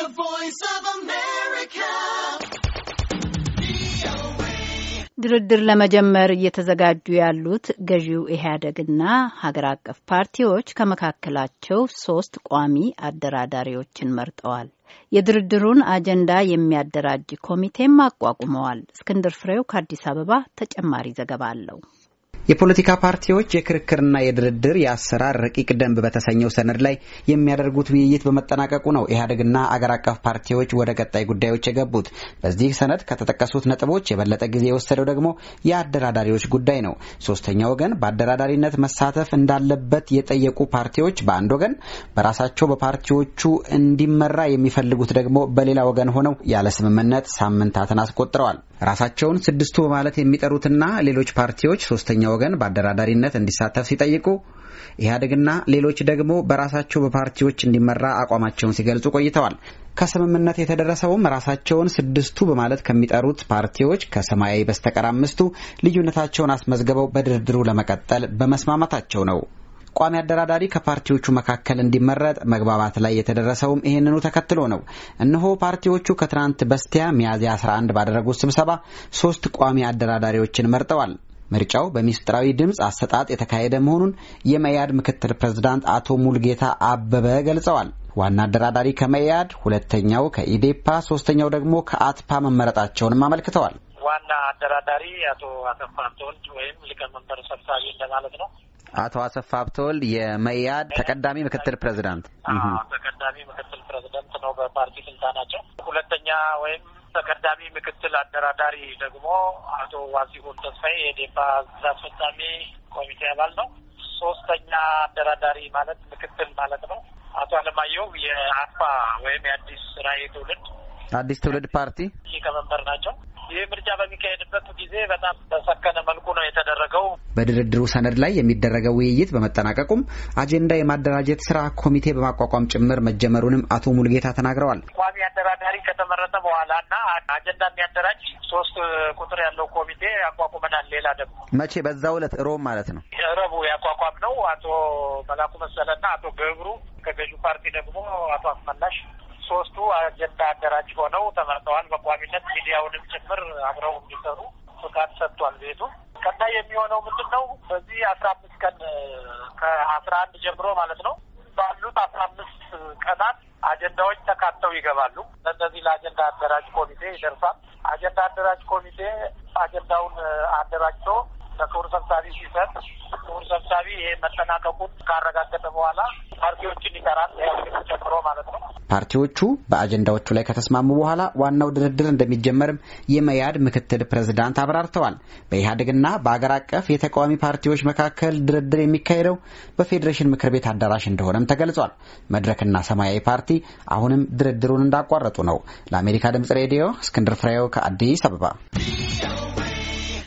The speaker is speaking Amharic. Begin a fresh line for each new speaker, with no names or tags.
The Voice of America.
ድርድር ለመጀመር እየተዘጋጁ ያሉት ገዢው ኢህአደግና ሀገር አቀፍ ፓርቲዎች ከመካከላቸው ሶስት ቋሚ አደራዳሪዎችን መርጠዋል። የድርድሩን አጀንዳ የሚያደራጅ ኮሚቴም አቋቁመዋል። እስክንድር ፍሬው ከአዲስ አበባ ተጨማሪ ዘገባ አለው። የፖለቲካ ፓርቲዎች የክርክርና የድርድር የአሰራር ረቂቅ ደንብ በተሰኘው ሰነድ ላይ የሚያደርጉት ውይይት በመጠናቀቁ ነው ኢህአዴግና አገር አቀፍ ፓርቲዎች ወደ ቀጣይ ጉዳዮች የገቡት። በዚህ ሰነድ ከተጠቀሱት ነጥቦች የበለጠ ጊዜ የወሰደው ደግሞ የአደራዳሪዎች ጉዳይ ነው። ሶስተኛ ወገን በአደራዳሪነት መሳተፍ እንዳለበት የጠየቁ ፓርቲዎች በአንድ ወገን፣ በራሳቸው በፓርቲዎቹ እንዲመራ የሚፈልጉት ደግሞ በሌላ ወገን ሆነው ያለ ስምምነት ሳምንታትን አስቆጥረዋል። ራሳቸውን ስድስቱ በማለት የሚጠሩትና ሌሎች ፓርቲዎች ሶስተኛ ወገን በአደራዳሪነት እንዲሳተፍ ሲጠይቁ ኢህአዴግና ሌሎች ደግሞ በራሳቸው በፓርቲዎች እንዲመራ አቋማቸውን ሲገልጹ ቆይተዋል። ከስምምነት የተደረሰውም ራሳቸውን ስድስቱ በማለት ከሚጠሩት ፓርቲዎች ከሰማያዊ በስተቀር አምስቱ ልዩነታቸውን አስመዝግበው በድርድሩ ለመቀጠል በመስማማታቸው ነው። ቋሚ አደራዳሪ ከፓርቲዎቹ መካከል እንዲመረጥ መግባባት ላይ የተደረሰውም ይህንኑ ተከትሎ ነው። እነሆ ፓርቲዎቹ ከትናንት በስቲያ ሚያዝያ 11 ባደረጉት ስብሰባ ሶስት ቋሚ አደራዳሪዎችን መርጠዋል። ምርጫው በሚስጥራዊ ድምፅ አሰጣጥ የተካሄደ መሆኑን የመያድ ምክትል ፕሬዝዳንት አቶ ሙልጌታ አበበ ገልጸዋል። ዋና አደራዳሪ ከመያድ፣ ሁለተኛው ከኢዴፓ፣ ሶስተኛው ደግሞ ከአትፓ መመረጣቸውንም አመልክተዋል።
ዋና አደራዳሪ አቶ አሰፋ ሀብተወልድ ወይም ሊቀመንበር ሰብሳቢ እንደማለት ነው።
አቶ አሰፋ ሀብተወልድ የመያድ ተቀዳሚ ምክትል ፕሬዝዳንት
ተቀዳሚ ምክትል ፕሬዝዳንት ነው በፓርቲ ስልጣናቸው። ሁለተኛ ወይም ተቀዳሚ ምክትል አደራዳሪ ደግሞ አቶ ዋዚሁን ተስፋዬ የዴፓ ስራ አስፈጻሚ ኮሚቴ አባል ነው። ሶስተኛ አደራዳሪ ማለት ምክትል ማለት ነው። አቶ አለማየሁ የአፋ ወይም የአዲስ ራዕይ ትውልድ
አዲስ ትውልድ ፓርቲ
ሊቀመንበር ናቸው። ይህ ምርጫ በሚካሄድበት ጊዜ በጣም በሰከነ
መልኩ ነው የተደረገው። በድርድሩ ሰነድ ላይ የሚደረገው ውይይት በመጠናቀቁም አጀንዳ የማደራጀት ስራ ኮሚቴ በማቋቋም ጭምር መጀመሩንም አቶ ሙልጌታ ተናግረዋል። ቋሚ አደራዳሪ ከተመረጠ በኋላ እና አጀንዳ የሚያደራጅ ሶስት ቁጥር ያለው ኮሚቴ ያቋቁመናል። ሌላ ደግሞ መቼ? በዛው ዕለት ሮብ ማለት ነው። ረቡ
ያቋቋም ነው። አቶ መላኩ መሰለና አቶ ገብሩ ከገዢ ፓርቲ ደግሞ አቶ አስመላሽ ሶስቱ አጀንዳ አደራጅ ሆነው ተመርጠዋል። በቋሚነት ሚዲያውንም ጭምር አብረው እንዲሰሩ ፍቃድ ሰጥቷል ቤቱ። ቀጣይ የሚሆነው ምንድን ነው? በዚህ አስራ አምስት ቀን ከአስራ አንድ ጀምሮ ማለት ነው ባሉት አስራ አምስት ቀናት አጀንዳዎች ተካተው ይገባሉ። ለእነዚህ ለአጀንዳ አደራጅ ኮሚቴ ይደርሳል። አጀንዳ አደራጅ ኮሚቴ አጀንዳውን አደራጅቶ ለክቡር ሰብሳቢ ሲሰጥ ክቡር ሰብሳቢ ይሄ
መጠናቀቁን ካረጋገጠ በኋላ ፓርቲዎችን ይጠራል። ጨምሮ ማለት ነው ፓርቲዎቹ በአጀንዳዎቹ ላይ ከተስማሙ በኋላ ዋናው ድርድር እንደሚጀመርም የመያድ ምክትል ፕሬዝዳንት አብራርተዋል። በኢህአዴግና በአገር አቀፍ የተቃዋሚ ፓርቲዎች መካከል ድርድር የሚካሄደው በፌዴሬሽን ምክር ቤት አዳራሽ እንደሆነም ተገልጿል። መድረክና ሰማያዊ ፓርቲ አሁንም ድርድሩን እንዳቋረጡ ነው። ለአሜሪካ ድምጽ ሬዲዮ እስክንድር ፍሬው ከአዲስ አበባ